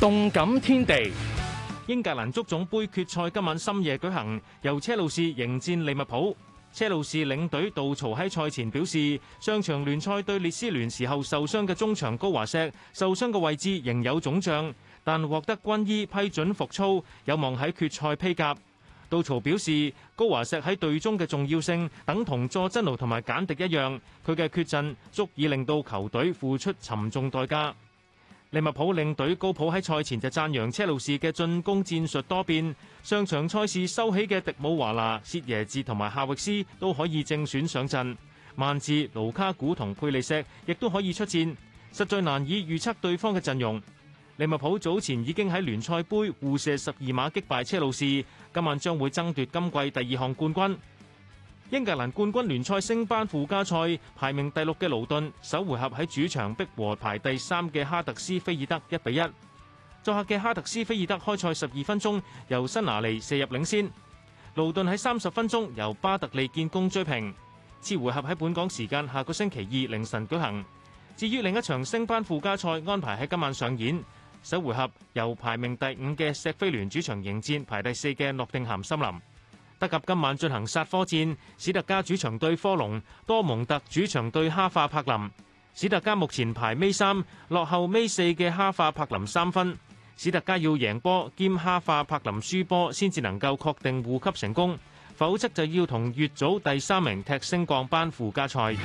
動感天地，英格蘭足總盃決賽今晚深夜舉行，由車路士迎戰利物浦。車路士領隊杜曹喺賽前表示，上場聯賽對列斯聯時候受傷嘅中場高華錫，受傷嘅位置仍有腫脹，但獲得軍醫批准復操，有望喺決賽披甲。杜曹表示，高華錫喺隊中嘅重要性等同佐真奴同埋簡迪一樣，佢嘅缺陣足以令到球隊付出沉重代價。利物浦領隊高普喺賽前就讚揚車路士嘅進攻戰術多變。上場賽事收起嘅迪姆華拿、薛耶治同埋夏域斯都可以正選上陣，曼治、盧卡古同佩利錫亦都可以出戰，實在難以預測對方嘅陣容。利物浦早前已經喺聯賽杯互射十二碼擊敗車路士，今晚將會爭奪今季第二項冠軍。英格蘭冠軍聯賽升班附加賽排名第六嘅勞頓，首回合喺主場逼和排第三嘅哈特斯菲爾德一比一。作客嘅哈特斯菲爾德開賽十二分鐘由辛拿利射入領先，勞頓喺三十分鐘由巴特利建功追平。次回合喺本港時間下個星期二凌晨舉行。至於另一場升班附加賽安排喺今晚上演，首回合由排名第五嘅石飛聯主場迎戰排第四嘅諾定咸森林。德甲今晚進行殺科戰，史特加主場對科隆，多蒙特主場對哈化柏林。史特加目前排尾三，落後尾四嘅哈化柏林三分。史特加要贏波兼哈化柏林輸波，先至能夠確定護級成功，否則就要同乙組第三名踢升降班附加賽。